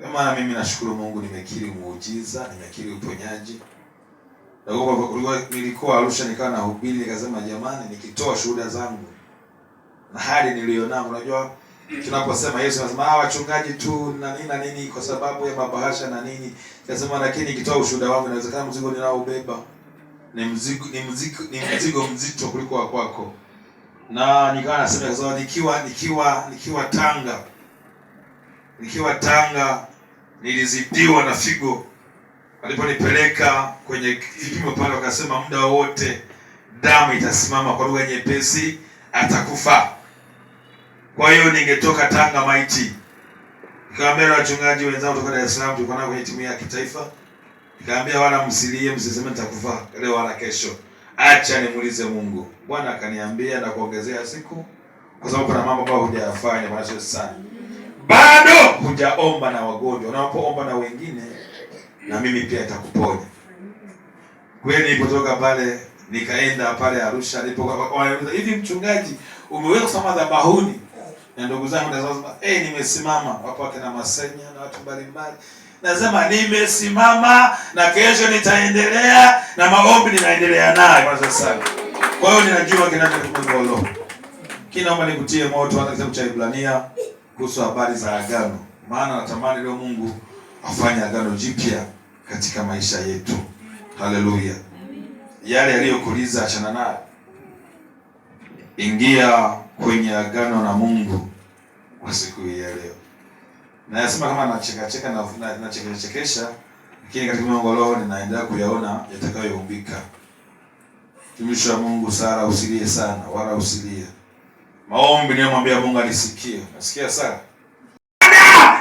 Kwa maana mimi nashukuru Mungu, nimekiri muujiza, nimekiri uponyaji. Nilikuwa Arusha nikawa nahubiri, nikasema jamani, nikitoa shuhuda zangu na hali nilionao, unajua tunaposema Yesu anasema hawa ah, wachungaji tu na nini na nini, kwa sababu ya mabahasha na nini. Nikasema lakini nikitoa ushuhuda wangu, inawezekana mzigo ninaobeba ni mzigo ni mzigo ni mzigo mzito kuliko wa kwako. Na nikawa nasema nikiwa nikiwa nikiwa Tanga nikiwa Tanga nilizidiwa na figo. Waliponipeleka kwenye kipimo pale, wakasema muda wote damu itasimama, kwa lugha nyepesi atakufa. Kwa hiyo ningetoka Tanga maiti. Nikamwambia wachungaji wenzangu kutoka Dar es Salaam, tulikuwa nao kwenye timu ya kitaifa, nikamwambia wala msilie, msiseme nitakufa leo wala kesho, acha nimuulize Mungu. Bwana akaniambia na kuongezea siku, kwa sababu kuna mambo ambayo hujayafanya. Bwana sana bado hujaomba na wagonjwa. Unapoomba na wengine, na mimi pia nitakuponya. Kweli nilipotoka pale nikaenda pale Arusha, nilipokuwa hivi, mchungaji, umeweza kusoma dhabahuni na ndugu zangu, nasema eh, nimesimama. Wapo wakina Masenya na watu mbalimbali, nasema nimesimama na kesho nitaendelea na maombi, ninaendelea nayo kwa sasa. Kwa hiyo ninajua kinachokuwa Roho. Kinaomba nikutie moto hata kitabu cha Ibrania kuhusu habari za agano, maana natamani leo Mungu afanye agano jipya katika maisha yetu. Haleluya! Yale yaliyokuliza achana nayo, ingia kwenye agano na Mungu kwa siku hii ya leo. Nayasema kama nachekacheka na nachekechekesha, lakini katika Mungu wa roho ninaendelea kuyaona yatakayoumbika. Mtumishi wa Mungu Sara, usilie sana wala usilie maombi niyomwambia Mungu alisikia. Nasikia sana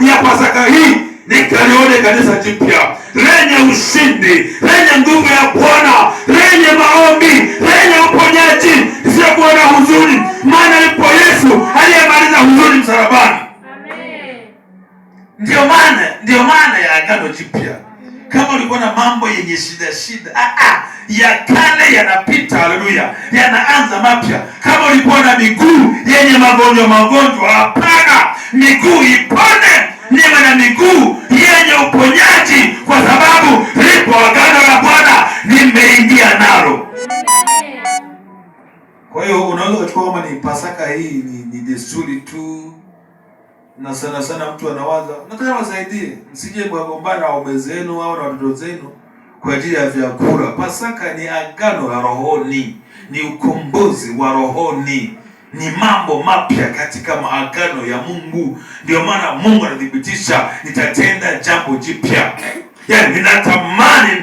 ya Pasaka hii nikalione kanisa jipya lenye ushindi, lenye nguvu ya Bwana, lenye maombi, lenye uponyaji, isiyokuwa na huzuni, maana ipo Yesu aliyemaliza huzuni msalabani. Amen. Ndio maana ndio maana ya agano jipya kama ulikuwa na mambo yenye shida shida, ah ah, ya kale yanapita, haleluya, yanaanza mapya. Kama ulikuwa na miguu yenye magonjwa magonjwa, hapana, miguu ipone, niwe na miguu yenye uponyaji, kwa sababu lipo agano la Bwana nimeingia nalo. Kwa hiyo unaweza kuchukua kama ni Pasaka, hii ni, ni desturi tu na sana sana mtu anawaza, nataka wasaidie, msije na waume zenu au na watoto zenu kwa ajili ya vyakula. Pasaka ni agano la rohoni, ni ukombozi wa rohoni, ni mambo mapya katika maagano ya Mungu. Ndio maana Mungu anathibitisha, nitatenda jambo jipya, yaani ninatamani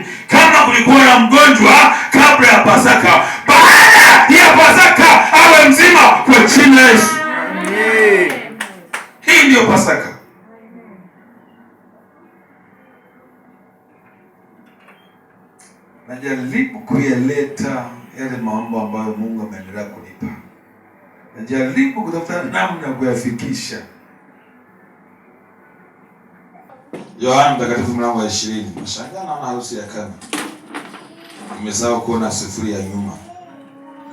najaribu kutafuta namna ya kuyafikisha. Yohana Mtakatifu mlango wa ishirini. Nashangaa naona harusi ya kama nimesahau kuona sifuri ya nyuma,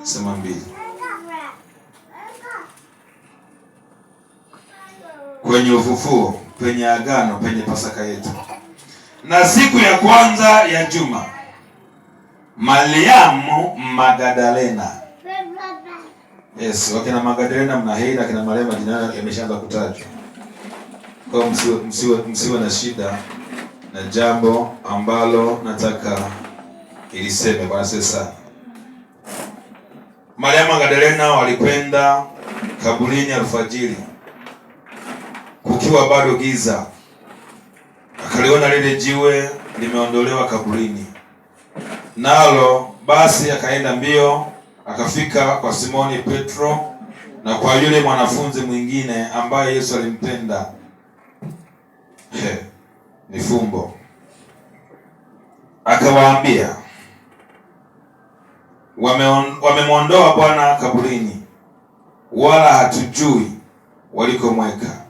sema mbili kwenye ufufuo, penye agano, penye pasaka yetu. Na siku ya kwanza ya juma, Mariamu Magdalena Yes, wakina Magadalena mna heri na kina Maria majina yao yameshaanza kutajwa. Kwa msiwe, msiwe, msiwe na shida na jambo ambalo nataka iliseme kwa sisi Maria Magadalena walikwenda kaburini alfajiri kukiwa bado giza, akaliona lile jiwe limeondolewa kaburini, nalo basi akaenda mbio akafika kwa Simoni Petro na kwa yule mwanafunzi mwingine ambaye Yesu alimpenda. Ni fumbo. Akawaambia, wamemwondoa wame Bwana kaburini, wala hatujui walikomweka.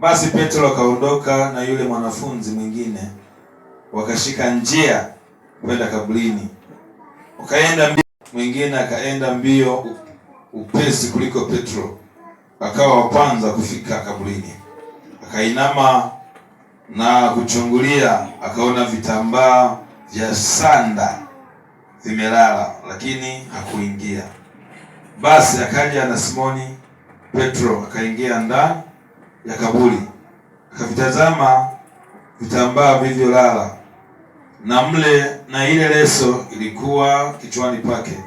Basi Petro akaondoka na yule mwanafunzi mwingine, wakashika njia kwenda kaburini, wakaenda mwingine akaenda mbio upesi kuliko Petro, akawa wa kwanza kufika kaburini. Akainama na kuchungulia, akaona vitambaa vya sanda vimelala, lakini hakuingia. Basi akaja na Simoni Petro, akaingia ndani ya kaburi, akavitazama vitambaa vilivyolala na mle na ile leso ilikuwa kichwani pake,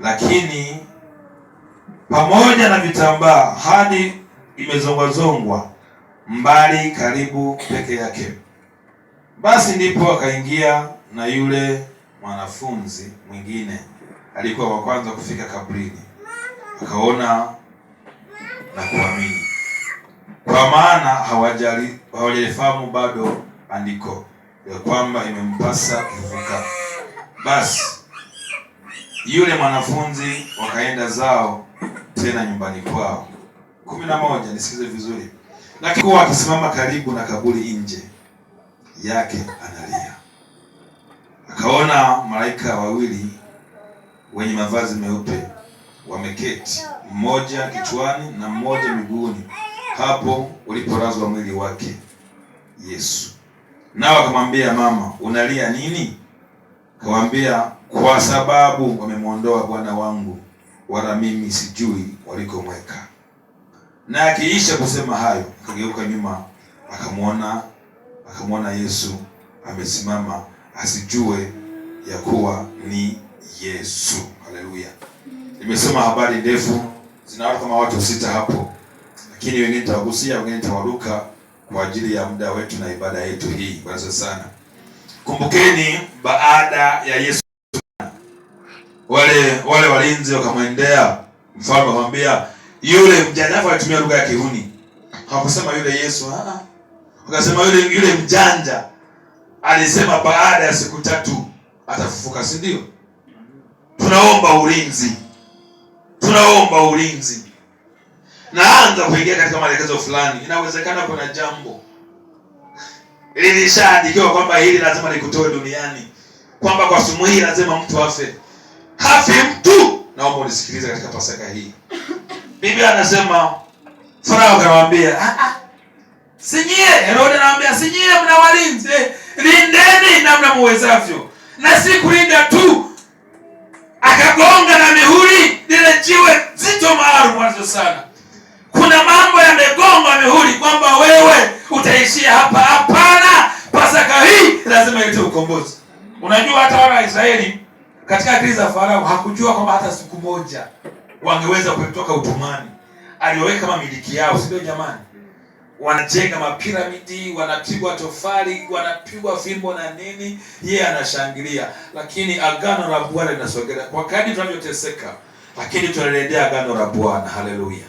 lakini pamoja na vitambaa hadi imezongwazongwa mbali karibu peke yake. Basi ndipo akaingia na yule mwanafunzi mwingine alikuwa wa kwanza kufika kabrini, akaona na kuamini, kwa maana hawajalifahamu bado andiko ya kwamba imempasa kuvuka. Basi yule mwanafunzi wakaenda zao tena nyumbani kwao. kumi na moja, nisikize vizuri. Lakini kuwa akisimama karibu na kaburi nje yake analia, akaona malaika wawili wenye mavazi meupe wameketi, mmoja kichwani na mmoja miguuni, hapo ulipolazwa mwili wake Yesu nao akamwambia, mama, unalia nini? Akamwambia, kwa sababu wamemwondoa bwana wangu, wala mimi sijui walikomweka. Na akiisha kusema hayo, akageuka nyuma, akamwona akamwona Yesu amesimama, asijue ya kuwa ni Yesu. Haleluya! Nimesema habari ndefu, zina kama watu sita hapo, lakini wengine nitawagusia, wengine nitawaruka kwa ajili ya muda wetu na ibada yetu hii. Bwana sana, kumbukeni baada ya Yesu wale wale walinzi wakamwendea mfalme, akamwambia yule mjanafu alitumia lugha ya kihuni. hakusema yule Yesu, ah, ah, Akasema yule yule mjanja alisema baada ya siku tatu atafufuka, si ndio? Tunaomba ulinzi, tunaomba ulinzi naanza kuingia katika maelekezo fulani, inawezekana kuna jambo lilishaandikiwa kwamba hili lazima likutoe duniani, kwamba kwa sumu hii lazima mtu afe. Hafi mtu. Naomba unisikilize katika Pasaka hii. Biblia anasema Farao kawaambia, ah, ah, sinyie. Herode anawaambia sinyie, mna walinzi, lindeni namna muwezavyo, na si kulinda tu, akagonga na mihuri lile jiwe zito maalum walizo sana kuna mambo yamegongwa mihuri kwamba wewe utaishia hapa. Hapana, Pasaka hii lazima ilete ukombozi. Unajua hata wana wa Israeli katika akili za Farao hakujua kwamba hata siku moja wangeweza kutoka utumani alioweka kama miliki yao, si Jamani, wanajenga mapiramidi, wanapigwa tofali, wanapigwa fimbo na nini, yeye anashangilia. Lakini agano la Bwana linasogea kwa kadri tunavyoteseka, lakini tunaliendea agano la Bwana. Haleluya!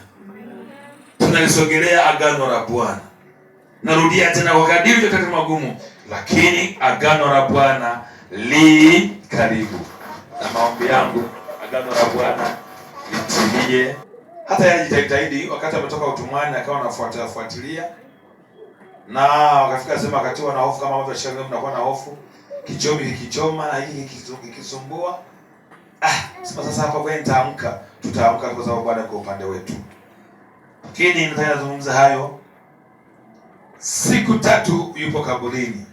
tunalisogelea agano la Bwana. Narudia tena, kwa kadiri wakati magumu, lakini agano la Bwana li karibu, na maombi yangu agano la Bwana litimie. Hata yeye jitahidi, wakati ametoka utumwani, akawa anafuatilia fuatilia, na wakafika sema, wakati wana hofu kama watu shangwe, mnakuwa na hofu, kichomi kikichoma na hiki kikisumbua. Ah, sema sasa hapa kwenye nitaamka, tutaamka kwa sababu Bwana kwa upande wetu lakini nataka kuzungumza hayo. Siku tatu yupo kaburini,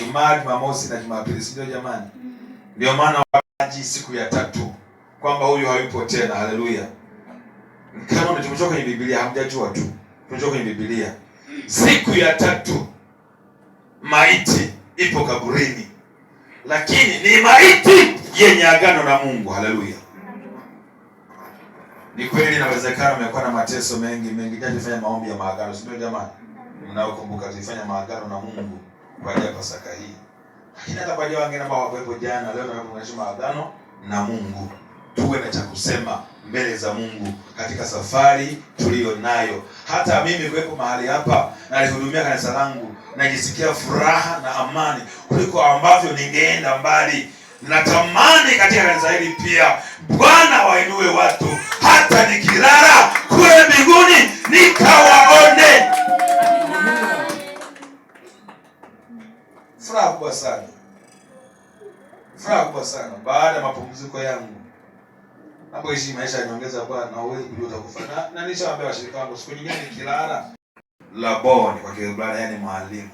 Jumaa, Jumamosi na Jumapili, si ndio jamani? Mm-hmm. Ndio maana waji siku ya tatu kwamba huyu hayupo tena. Haleluya! Kanuni tumetoka kwenye Biblia, hamjajua tu, tumetoka kwenye Biblia. Siku ya tatu maiti ipo kaburini, lakini ni maiti yenye agano na Mungu. Haleluya! Ni kweli inawezekana umekuwa na mateso mengi mengi, fanya maombi ya maagano, sio jamani? Mnaokumbuka tulifanya maagano na Mungu kwa ajili ya Pasaka hii. Lakini hata kwa ajili wengine ambao hawakuwepo jana, leo tunataka kuonyesha maagano na Mungu. Tuwe na cha kusema mbele za Mungu katika safari tuliyo nayo. Hata mimi kuwepo mahali hapa na nalihudumia kanisa langu, najisikia furaha na amani kuliko ambavyo ningeenda mbali. Natamani katika kanisa hili pia Bwana wainue watu, hata nikilala kule mbinguni nikawaone. Furaha kubwa sana, furaha kubwa sana baada ya mapumziko yangu napoishi maisha yanaongeza Bwana, huwezi kujua utakufa na, na nishawaambia washirika wangu siku nyingine nikilala Laboni kwa Kiebrania, yani mwalimu,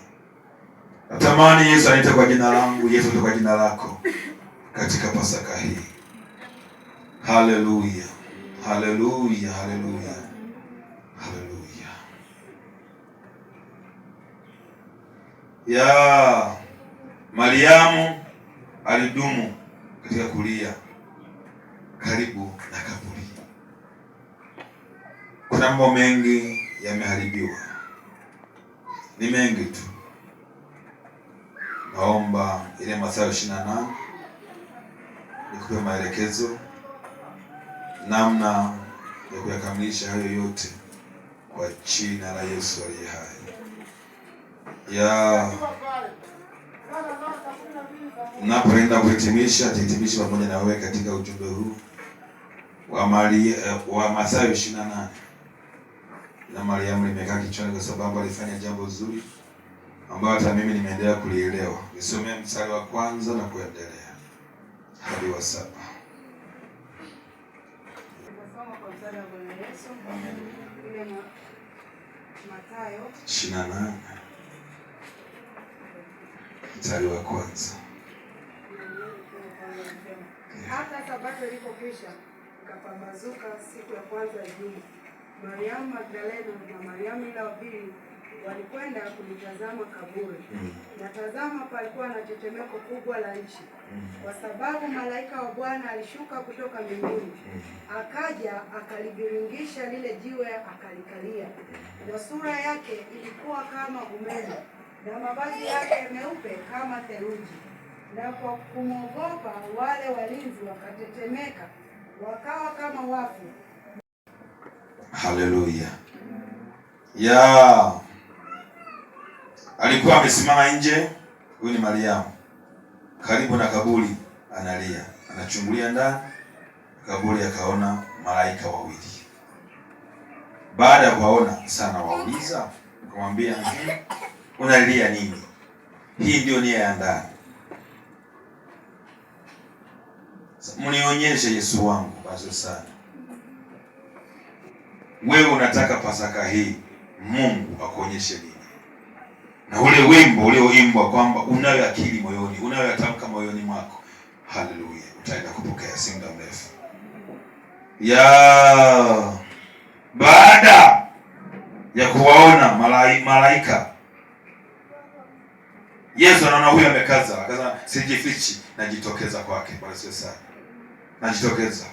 natamani Yesu aniite kwa jina langu, Yesu aniite kwa jina lako katika Pasaka hii. Haleluya, haleluya, haleluya, haleluya. Ya Mariamu alidumu katika kulia karibu na kaburi. Kuna mambo mengi yameharibiwa, ni mengi tu. Naomba ile Mathayo 28 nikupe maelekezo namna ya kuyakamilisha hayo yote kwa jina la Yesu aliye hai. Ya napoenda kuhitimisha, tahitimisha pamoja na wewe katika ujumbe huu wa mali wa Mathayo 28 na Mariamu limekaa kichwani kwa sababu alifanya jambo zuri ambayo hata mimi nimeendelea kulielewa. Nisomee mstari wa kwanza na kuendelea hadi wa saba. ishirini na nane mstari wa kwanza hata sabato ilipokwisha ikapambazuka siku ya kwanza ya juma, Mariamu Magdalena na Mariamu ila wa pili walikwenda kulitazama kaburi mm. na tazama, palikuwa na tetemeko kubwa la nchi mm. kwa sababu malaika wa Bwana alishuka kutoka mbinguni mm. akaja akaliviringisha lile jiwe akalikalia, na mm. sura yake ilikuwa kama umeme na mavazi yake meupe kama theluji. Na kwa kumwogopa wale walinzi wakatetemeka, wakawa kama wafu. Haleluya, yeah alikuwa amesimama nje. Huyu ni Mariamu, karibu na kaburi, analia, anachungulia ndani kaburi, akaona malaika wawili. Baada ya kuwaona sana, wauliza kumwambia, unalia nini? Hii ndio nia ya ndani, mnionyeshe Yesu wangu. Basi sana wewe unataka Pasaka hii Mungu akuonyeshe nini? na ule wimbo ulioimbwa kwamba unayo akili moyoni, unayoyatamka moyoni mwako. Haleluya, utaenda kupokea, si muda mrefu ya baada ya kuwaona malaika, malaika. Yesu anaona huyu amekaza, akaza sijifichi, najitokeza kwake. Bwana asifiwe sana, najitokeza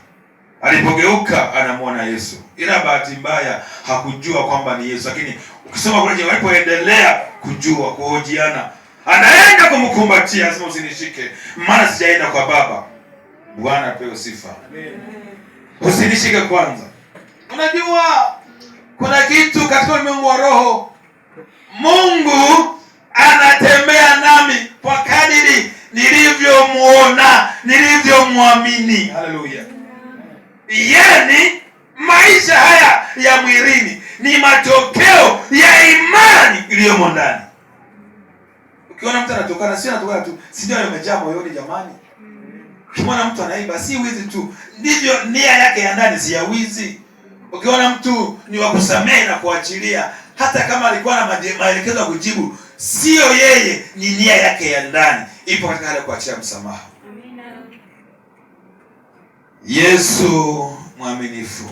Alipogeuka anamwona Yesu, ila bahati mbaya hakujua kwamba ni Yesu. Lakini ukisoma kule, walipoendelea kujua kuhojiana, anaenda kumkumbatia, lazima usinishike, maana sijaenda kwa Baba. Bwana apewe sifa, amen. Usinishike kwanza. Unajua kuna kitu katika ulimwengu wa roho, Mungu anatembea nami kwa kadiri nilivyomuona, nilivyomwamini. Haleluya! yani maisha haya ya mwilini ni matokeo ya imani iliyomo ndani. Ukiona mtu anatokana, sio anatokana tu, si ndio amejaa moyoni? Jamani, ukimwona mtu anaiba, si wizi tu, ndivyo nia yake ya ndani, si ya wizi. Ukiona mtu ni wa na kuachilia, hata kama alikuwa na maelekezo ya kujibu, sio yeye, ni nia yake ya ndani, ipo katika hali ya kuachilia msamaha. Yesu mwaminifu.